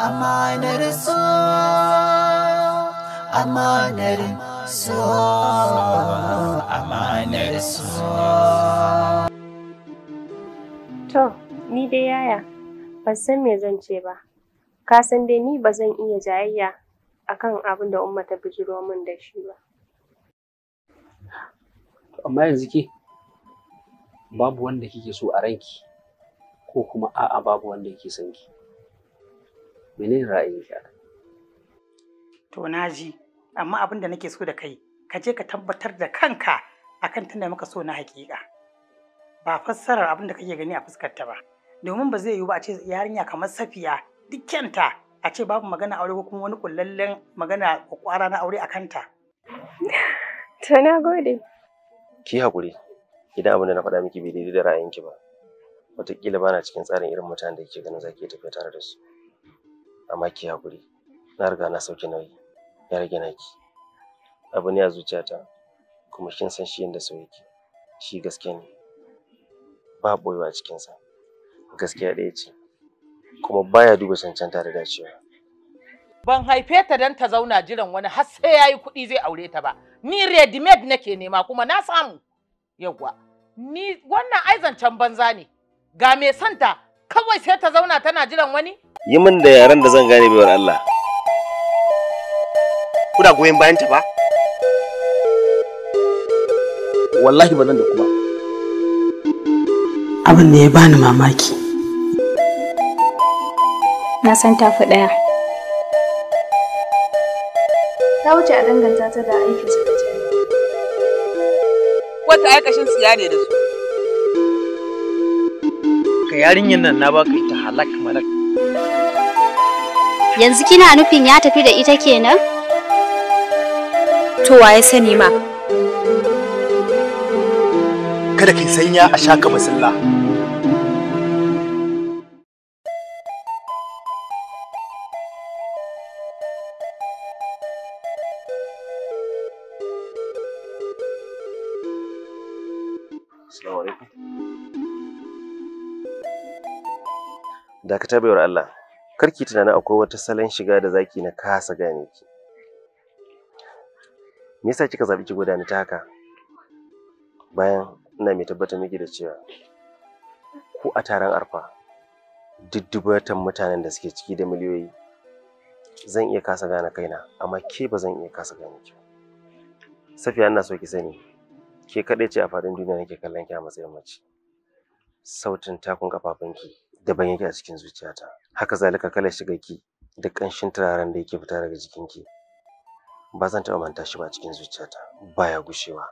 Amanar To, ni dai yaya, ban san me zan ce ba. Ka san dai ni ba zan iya jayayya akan abin da umma ta bijiro min da shi ba. Amma yanzu ke, babu wanda kike so a ranki, ko kuma a'a babu wanda yake son ki. menene ra'ayinki to na amma abin da nake so da kai ka je ka tabbatar da kanka akan tunda maka so na hakika ba fassarar abin da kake gani a fuskarta ba domin ba zai yiwu ba a ce yarinya kamar safiya dukkanta a ce babu magana aure ko kuma wani kullallen magana kwara na aure a kanta to na gode ki hakuri idan abin da na faɗa miki bai daidai da ra'ayinki ba wataƙila bana cikin tsarin irin mutanen da kike ganin zaki tafiya tare da su amma ki haƙuri na riga na sauki nauyi ya rage naki abu ne a zuciyata kuma kin san shi yadda so yake shi gaske ne ba boyewa a cikinsa gaskiya ɗaya ce kuma baya duba cancanta da dacewa ban haife ta don ta zauna jiran wani har sai yayi kuɗi zai aure ta ba ni ready made nake nema kuma na samu yawwa ni wannan ai banza ne ga mai santa kawai sai ta zauna tana jiran wani yi min da yaren da zan gane baiwar Allah kuna goyon bayan ta ba wallahi ba nan da kuma abin da ya bani mamaki na san tafi ɗaya ta wuce a danganta ta da aikin su da jami'a wata aikashin su yare da su ka yarinyar nan na baka ita halak malak Yanzu kina nufin ya tafi da ita kenan? To waye sani ma. Kada ki sanya a shaka masalla. Assalamu alaikum. Dakatar Allah. karki tunanin akwai wata salon shiga da zaki na kasa gane ki me yasa kika zabi ki gudana ta haka bayan ina mai tabbatar miki da cewa ko a taron arfa diddubatan mutanen da suke ciki da miliyoyi zan iya kasa gane kaina amma ke ba zan iya kasa gane ki safiya ina so ki sani ke kaɗai ce a faɗin duniya nake kallon ki a matsayin mace sautin takun kafafunki daban yake a cikin zuciyata haka zalika kalar ki da ƙanshin turaren da yake fita daga jikinki ba zan taɓa manta shi ba a cikin zuciyata baya gushewa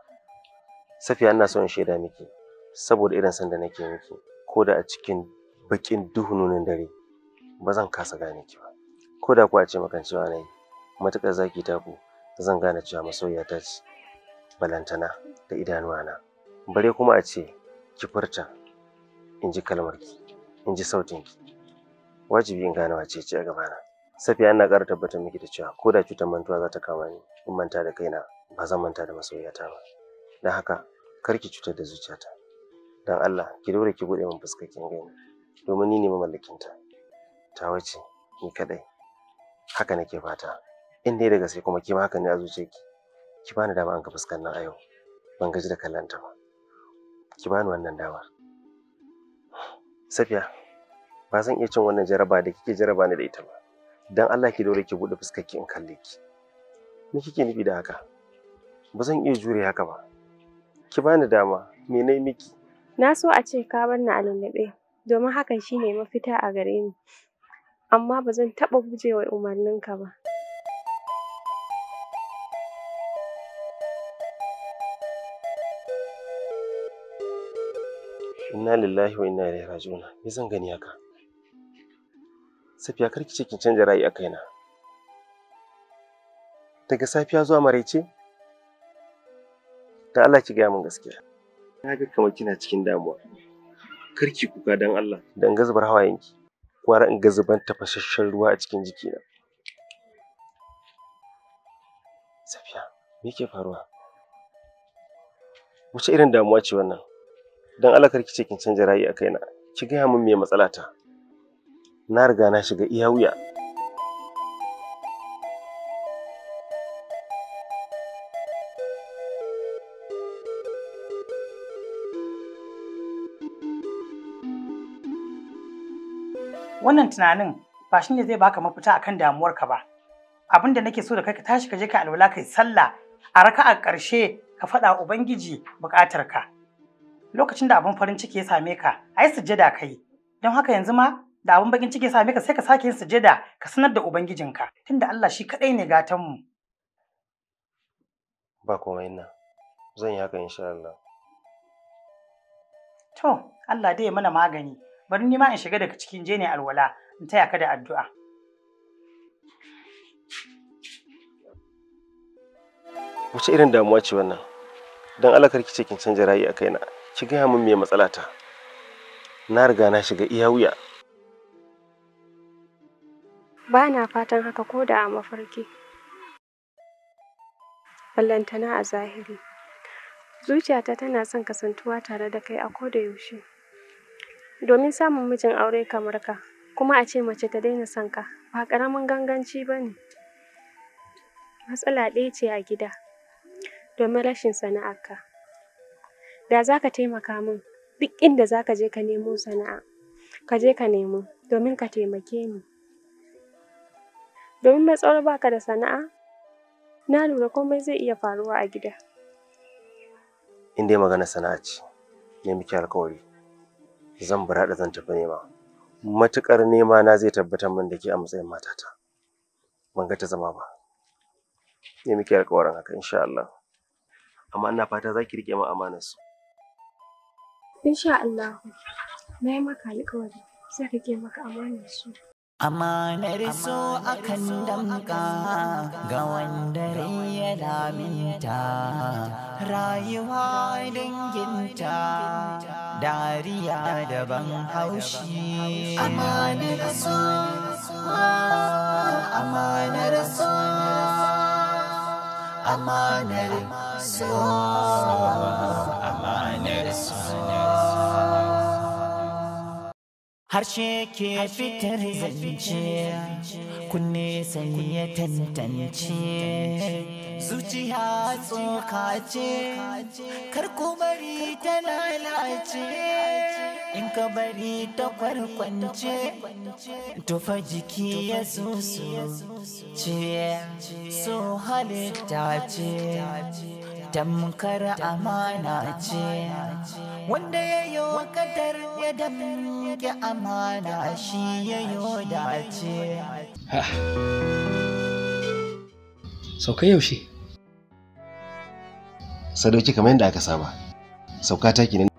safiya ina so in shaida miki saboda irin sanda nake miki ko da a cikin baƙin duhununin dare ba zan kasa gane ki ba ko da kuwa a ce makan cewa na yi matuƙar zaki taku zan gane cewa masoyiya ta ce balantana da idanuwana bare kuma a ce ki furta in ji kalmarki in ji sautinki wajibi in gane wace ce a gaba na safiya ina ƙara tabbatar miki da cewa ko da cutar mantuwa za ta kama ni in manta da kaina ba zan manta da masoyata ba don haka kar ki cutar da zuciyata don Allah ki dore ki buɗe min fuskakin gani domin ni ne mamallakinta ta wace ni kaɗai haka nake fata in dai daga sai kuma ki ma haka ne a zuciyarki ki bani dama an ka fuskar nan a yau ban gaji da kallanta ba ki bani wannan dama safiya ba zan iya cin wannan jaraba da kike jaraba ni da ita ba dan Allah ki dore ki bude fuskar ki in kalle ki me kike nufi da haka ba zan iya jure haka ba ki bani dama me nayi miki na so a ce ka bar ni a lullube domin hakan shine mafita a gare ni amma ba zan taɓa gujewa umarninka ba inna lillahi wa inna ilaihi raji'un me zan gani haka Safiya kar ki ce kin canza ra'ayi a kaina. Daga safiya zuwa maraice? Dan Allah ki gaya min gaskiya. Na ga kamar kina cikin damuwa. Kar ki kuka dan Allah. Dan gazubar hawayenki. Kwara in gazuban tafasasshen ruwa a cikin jikina. Safiya, me ke faruwa? Wace irin damuwa ce wannan? Dan Allah kar ki ce kin canza ra'ayi a kaina. Ki gaya min me matsalata. ta. na riga na shiga iya wuya wannan tunanin ba shi ne zai baka mafita akan damuwarka ba abin da nake so da kai ka tashi ka je ka alwala kai sallah a raka'a ƙarshe ka faɗa ubangiji buƙatarka lokacin da abin farin ciki ya same ka ai sujjada kai don haka yanzu ma da abin bakin ciki ya same ka sai ka sake yin sujada ka sanar da ubangijinka tunda Allah shi kadai ne gatan mu ba komai na zan yi haka insha Allah to Allah dai ya mana magani bari ni ma in shiga daga cikin je alwala in taya ka da addu'a wace irin damuwa ce wannan don Allah karki ce kin canja ra'ayi a kaina ki gaya min me matsala ta na riga na shiga iya wuya Ba na fatan haka ko da a mafarki, ballantana a zahiri. Zuciyata tana son kasantuwa tare da kai a yaushe. domin samun mijin aure kamar ka, kuma a ce mace ta daina son ka ba ƙaramin ganganci ba ne. Matsala ɗaya ce a gida domin rashin sana'arka. Da za ka taimaka min duk inda za ka je ka nemo sana'a, ka je ka nemo domin ka taimake ni. Domin mai tsaro ka da sana'a, na lura komai zai iya faruwa a gida. In dai magana sana'a ce, ne miki alkawari. Zan burada zan tafi nema. Matuƙar nema na zai tabbatar min da ke a matsayin matata. Ban ga ta zama ba. Ne miki alkawarin haka insha Allah. Amma ina fata za ki riƙe min amanar su. Insha Allah. Na yi maka alkawari. ka ke maka amanar su. Amanar so akan damka ga wanda ya laminta rayuwa danginta dariya ban haushi. Amanar so, amanar so, amanar so, amanar so. harshe ke fitar zance kunne sai tantance zuciya tsoka ce kar bari ta lalace in ka bari ta kwarkwance tufa jiki ya susu ce so halitta ce tamkar amana ce wanda ya yi wakadar ya damke amana shi ya yi dace sauka yaushe sadauki kamar yadda aka saba sauka ta ki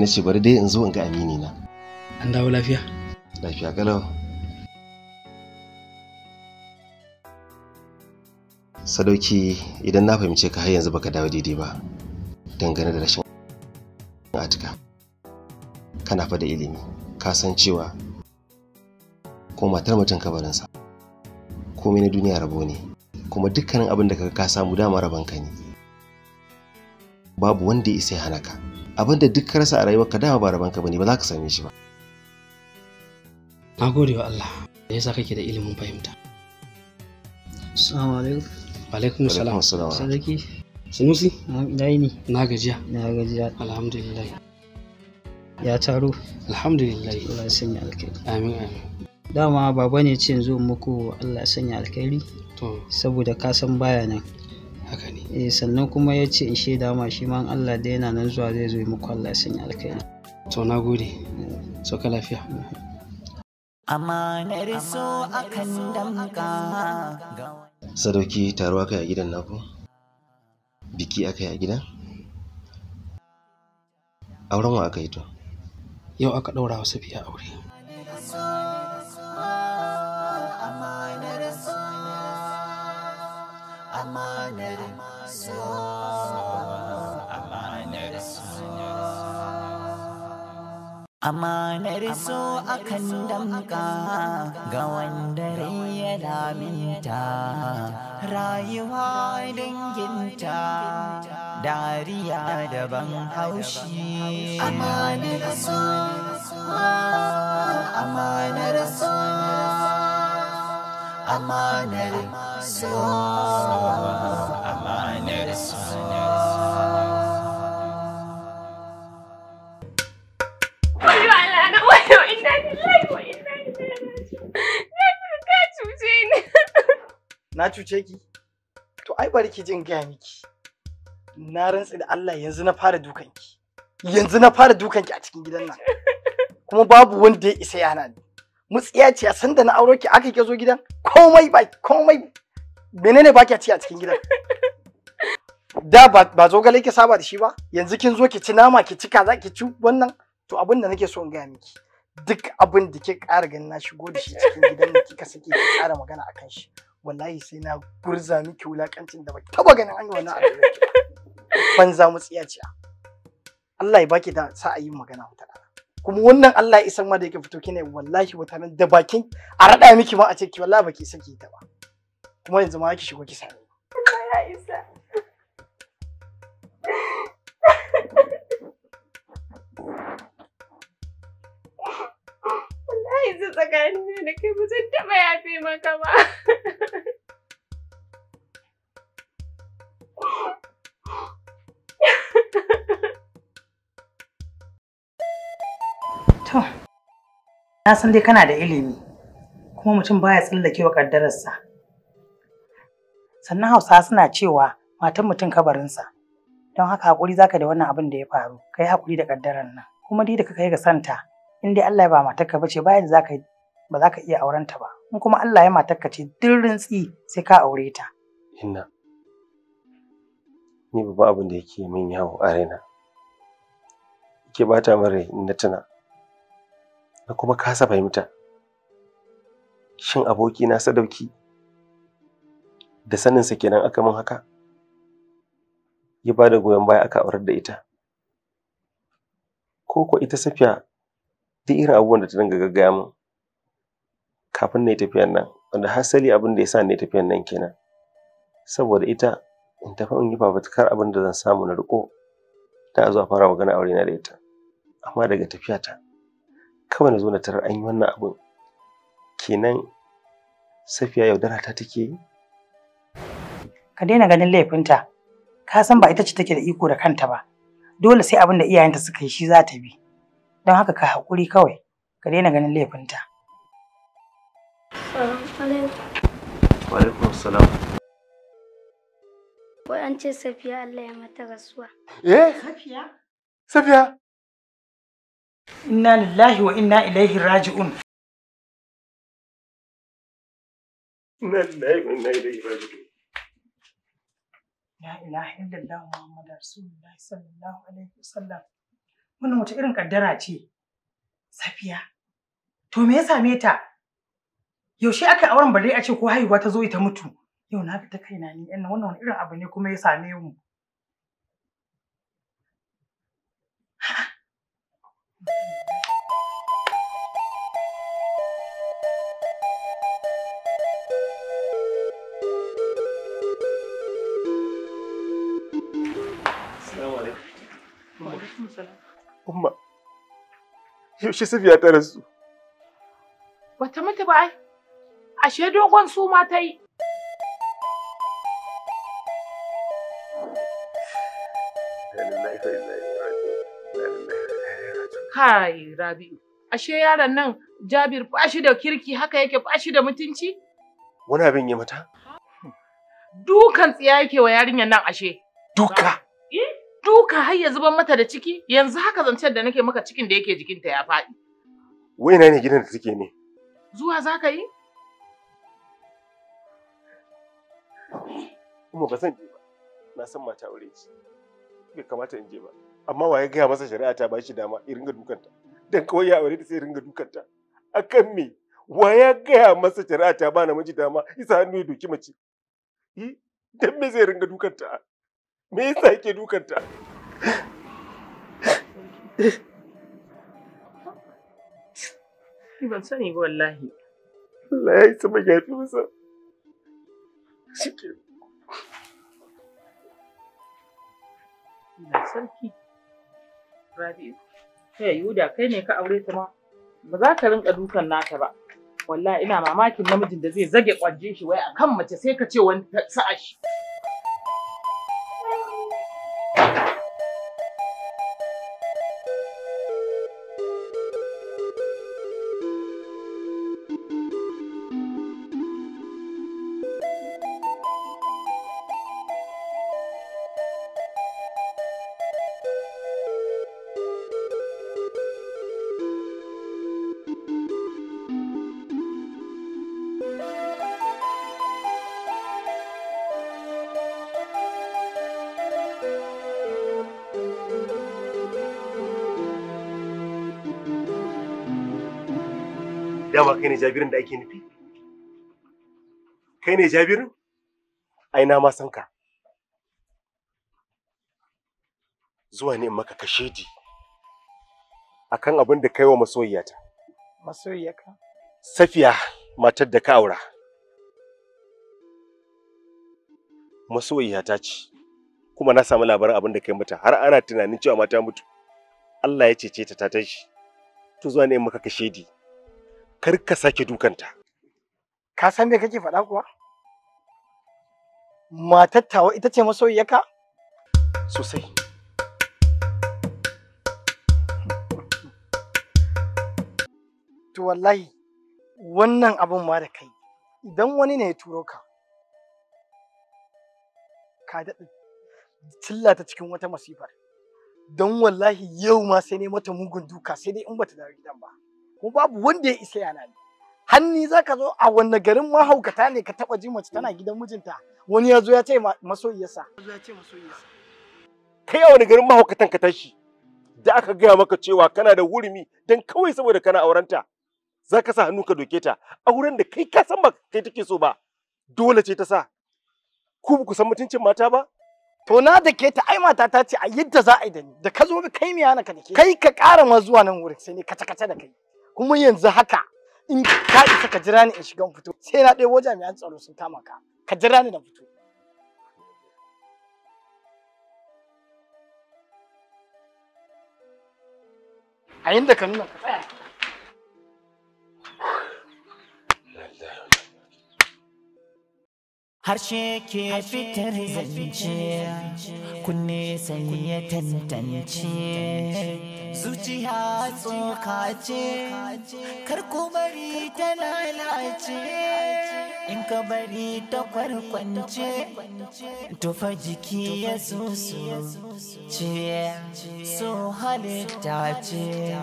na ce bari dai in zo in ga amini na an dawo lafiya lafiya galau sadauki idan na fahimce ka har yanzu baka dawo daidai ba dangane da rashin atika kana fa da ilimi ka san cewa ko matar mutum kabarinsa ko na duniya rabo ne kuma dukkanin abin da ka samu dama ka ne babu wanda ya isa hana ka abin da duk rasa a rayuwarka dama ba ka bane ba za ka same shi ba na gode wa Allah da yasa kake da ilimin fahimta assalamu alaikum alaikum salam sadaki sunusi na yi na gajiya na gajiya alhamdulillah ya taro alhamdulillah Allah sanya alkhairi amin amin dama baba ne ce zo muku Allah sanya alkhairi to saboda ka san baya nan haka ne eh sannan kuma ya ce in sheda ma shi ma Allah da yana nan zuwa zai zo muku Allah sanya alkhairi to na gode eh. so ka lafiya mm-hmm. na so akan damka sadauki taro aka yi a gidan naku biki aka yi a gidan auren wa aka yi to yau aka ɗaura wa safiya aure Amanar so akan damka ga wanda rai lamita rayuwa dangin ta dariya haushi amanar so amanar so amanar so amanar so na cuce ki to ai bari ki jin gaya miki na rantsi da Allah yanzu na fara dukan ki yanzu na fara dukan ki a cikin gidan nan kuma babu wanda ya isa yana ni mutsiya ce san da na auro ki aka zo gidan komai ba komai menene ba ki ci a cikin gidan da ba zogale ki saba da shi ba yanzu kin zo ki ci nama ki ci kaza ki ci wannan to abin da nake so in gaya miki duk abin da ke ƙara ganin na shigo da shi cikin gidan nan kika sake ki ƙara magana akan shi wallahi sai na gurza miki wulakancin da baki taba ganin an yi wannan abin za mu tsiyaciya Allah ya baki da sa a yi magana wata rana kuma wannan Allah ya isan ma da yake fito kine wallahi wata nan da bakin a rada miki ma a ce ki wallahi baki saki ta ba kuma yanzu ma ki shigo ki sani ya isa yanzu tsakanin kai ba zan na san dai kana da ilimi, kuma mutum baya tsallake wa ƙaddararsa. Sannan Hausa suna cewa matan mutum kabarinsa, don haka haƙuri zaka da wannan abin da ya faru, ka yi haƙuri da ƙaddarar nan, kuma dai da ka kai ga santa. in dai Allah ya ba matarka ce, bayan za ka ba za ka iya auren ta ba in kuma Allah ya matarka ce duk rintsi sai ka aure ta inna ni babban abin da yake min yawo a raina yake bata min rai in na tuna na kuma kasa fahimta shin aboki na sadauki da sa kenan aka min haka ya ba da goyon baya aka aurar da ita ko ko ita safiya duk irin abubuwan da ta dinga gaggaya min kafin na yi tafiyan nan wanda hasali abin da ya sa na yi tafiyan nan kenan saboda ita in tafi in yi fafutukar abin da zan samu na riko ta zo a fara magana aure na da ita amma daga tafiya ta kawai na zo na tarar an yi wannan abin kenan safiya yaudara ta take yi ka daina ganin laifinta ka san ba ita ce take da iko da kanta ba dole sai abin da iyayenta suka yi shi za ta bi don haka ka haƙuri kawai ka daina ganin laifinta. Wa'alaikun Wai an ce Safiya Allah ya mata rasuwa. Eh? Safiya? Safiya? Inna lillahi wa inna ilaihi raji'un. Inna lillahi wa inna ilaihi raji'un. La ilaha illallah Muhammad Rasulullah sallallahu alaihi wasallam. Wannan wace irin kaddara ce? Safiya. To me ya same ta? Yaushe aka auren bare a ce ko haihuwa ta zo ita mutu? Yau na ga ta kaina ni ɗan wannan wani irin abu ne kuma ya same mu. Thank you. Umma, yaushe Safiya ta rasu? Bata mutu ba ai, ashe dogon su ma ta yi. Kai Rabi, ashe yaran nan Jabir ba shi da kirki haka yake ba shi da mutunci? Wani abin ya mata? Dukan tsiya yake wa yarinyar nan ashe. Duka? duka har ya zuban mata da ciki yanzu haka zancen da nake maka cikin da yake jikinta ya faɗi. Wai ina ne gidan da take ne? Zuwa za ka yi? Kuma ba zan je ba, na san mata aure ce, bai kamata in je ba. Amma wa ya gaya masa shari'a ta ba shi dama ya ringa dukanta, dan kawai ya aure ta sai ringa dukanta. Akan me? Wa ya gaya masa shari'a ta ba namiji dama, isa hannu ya doki mace. Dan me zai ringa dukanta? me yasa yake dukanta ban sani ba wallahi Allah ya yi sama yafi masa shike sarki Rabi'u kai Yuda kai ne ka aure ta ma ba za ka rinka dukan nata ba wallahi ina mamakin namijin da zai zage kwanjin shi wai akan mace sai ka ce wani sa'a shi dama kai ne jabirin da ake nufi kai ne jabirin ai na ma san ka zuwa ne in maka kashedi akan abin da kai wa masoyiyata masoyiyaka safiya matar da ka aura masoyiyata ce kuma na samu labarin abin da kai mata har ana tunanin cewa mata mutu Allah ya cece ta ta tashi to zuwa ne in maka kashedi kar ka sake dukanta ka san me kake faɗa kuwa matar tawa ita ce masoyiyarka sosai to wallahi wannan abin ma da kai idan wani ne ya turo ka ka daɗa cilla ta cikin wata masifar don wallahi yau ma sai ne mata mugun duka sai dai in bata dawo gidan ba ko babu wanda ya isa yana ni hanni zaka zo a wanne garin mahaukata ne ka taba ji mace tana gidan mijinta wani ya zo ya ce masoyiyarsa ya ce kai a wani garin mahaukatan ka tashi da aka gaya maka cewa kana da wurmi dan kawai saboda kana aurenta za ka sa hannu ka doke ta wurin da kai ka san ba kai take so ba dole ce ta sa ku ku san mutuncin mata ba to na da ke ta ai mata ta ce a yadda za a yi da ni da ka zo kai miya na ka da ke kai ka ƙara ma zuwa nan wurin sai ne kace kace da kai kuma yanzu haka in ka isa ka jira ni in shiga fito sai na ɗebo jami'an tsaro sun kama ka ka jira ni na fito a inda ka nuna ka tsaya harshe ke fitar zance kunne sai ya tantance zuciya tsoka ce kar bari ta lalace in ka bari ta kwarkwance tufa jiki ya susu ce so halitta ce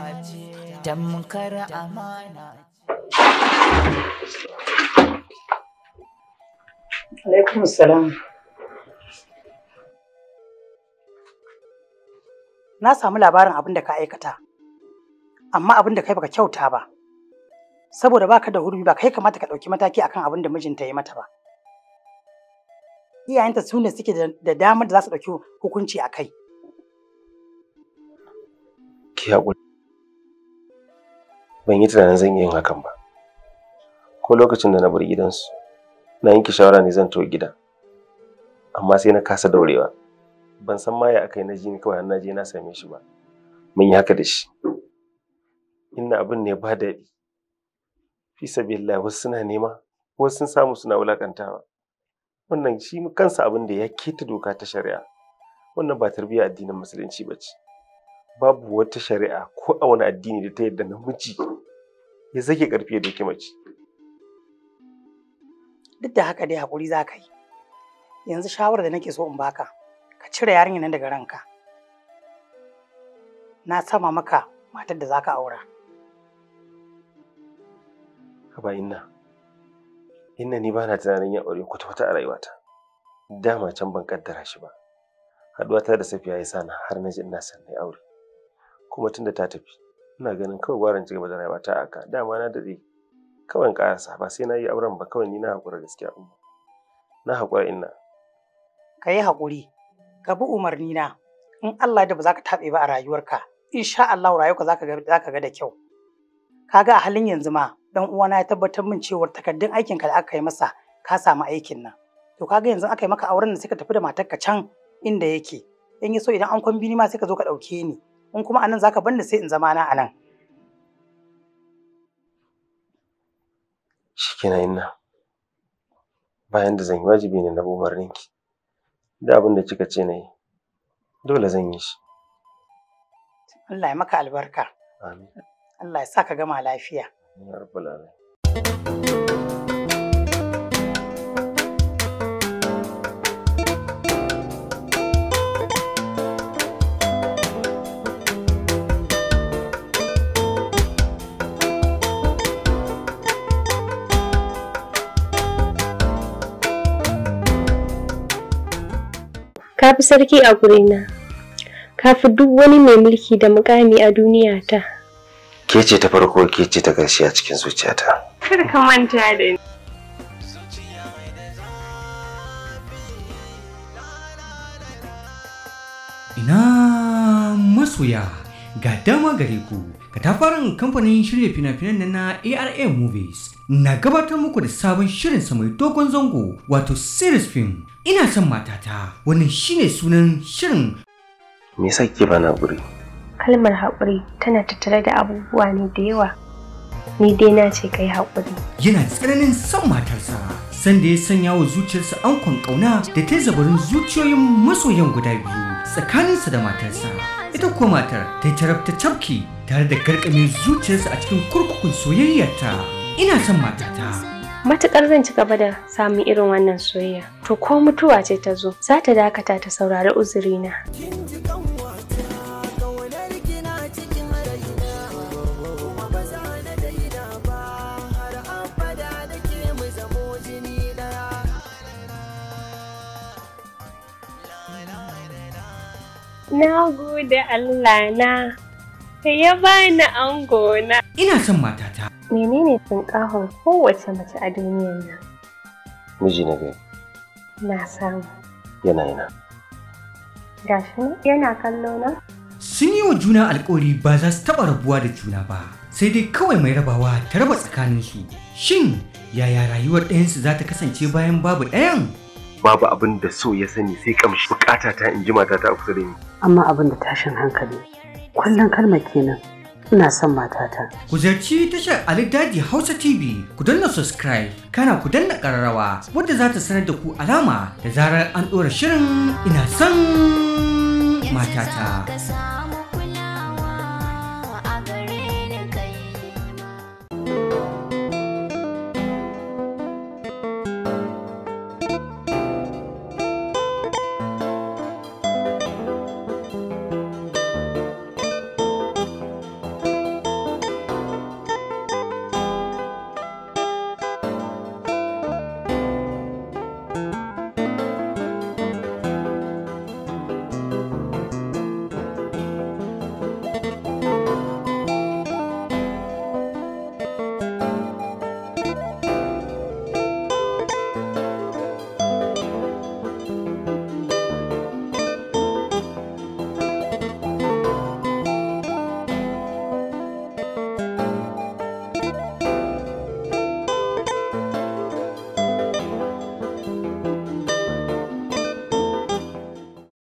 tamkar amana Alaikum salam. Na samu labarin abin da ka aikata, amma abin da kai baka kyauta ba, saboda baka da hurumi ba kai kamata ka ɗauki mataki akan abin da mijinta ya mata ba. Iyayenta su ne suke da damar da za su ɗauki hukunci a kai. Ki haƙuri. Ban yi tunanin zan iya yin hakan ba. Ko lokacin da na bar gidansu, na yanke shawara ne zan tafi gida amma sai na kasa daurewa ban san ma ya akai na ji ni kawai na je na same shi ba mun yi haka da shi inna abin ne ba daɗi fi sabilillah wasu suna nema wasu sun samu suna wulakantawa wannan shi kansa abin da ya keta doka ta shari'a wannan ba tarbiyyar addinin musulunci ba ce babu wata shari'a ko a wani addini da ta yadda namiji ya zage karfi da daki mace duk da haka dai hakuri za ka yi yanzu shawarar da nake so in baka ka cire yarinyar nan daga ranka na sama maka matar da za ka aura haba inna inna ni ba na tunanin ya aure kwata-kwata a rayuwata dama can ban kaddara shi ba ta da safiya ya sa na har na ji ina son na aure kuma tunda ta tafi ina ganin kawai gwaran ci gaba da rayuwata a haka dama na daɗe kawai in ƙarasa ba sai na yi auren ba kawai ni na haƙura gaskiya umma na haƙura inna ka yi haƙuri ka bi umarni na in Allah da ba za ka taɓe ba a rayuwarka insha Allah rayuwarka za ka ga da kyau kaga a halin yanzu ma dan uwana ya tabbatar min cewa takardun aikin ka da aka yi masa ka samu aikin nan to kaga yanzu aka yi maka auren da sai ka tafi da matarka can inda yake in ya so idan an kwambini ma sai ka zo ka ɗauke ni in kuma anan zaka banda sai in zama na anan shikenan nan, bayan da zan yi wajibi ne na bi umarnin ki duk abin da kika ce na yi dole zan yi shi Allah ya maka albarka amin Allah ya sa ka gama lafiya ya rabbal alamin ka fi sarki a gurina ka fi duk wani mai mulki da mukami a duniya ta ke ce ta farko ke ce ta ƙarshe a cikin zuciyata kar ka manta da ni ina masoya ga dama gare ku katafaren kamfanin shirya fina-finan na ARA Movies na gabatar muku da sabon shirin sa mai dogon zango wato series film ina son matata wannan shine sunan shirin me yasa kike bana guri kalmar haƙuri tana tattare da abubuwa ne da yawa ni dai na ce kai haƙuri yana tsananin son matarsa sanda ya sanya wa zuciyarsa ankon ƙauna da ta zabarin zuciyoyin masoyan guda biyu tsakaninsa da matarsa ita kuwa matar ta yi tarabta cafki tare da garkamin zuciyarsa a cikin kurkukun soyayyarta ina son matata matuƙar zan ci gaba da samun irin wannan soyayya to ko mutuwa ce ta zo za ta dakata ta saurari uzurina Na gode Allah na, ya bani angona. Ina son matata. Menene tunƙahon kowace mace a duniyar nan? Miji na gani. Na samu. Yana yana. Gashi yana kallo na? Sun yi wa juna alkawari ba za su taɓa rabuwa da juna ba, sai dai kawai mai rabawa ta raba tsakaninsu. Shin yaya rayuwar ɗayansu za ta kasance bayan babu ɗayan? Babu abin da so ya sani sai kamshi bukata ta in ji matata a kusa da ni. Amma abin da tashin hankali. Kullum kalmar kenan. ina son matata. Ku ziyarci tashar Ali Daji Hausa TV, ku danna subscribe, kana ku danna ƙararrawa wadda za ta sanar da ku alama da zarar an ɗora shirin ina son matata.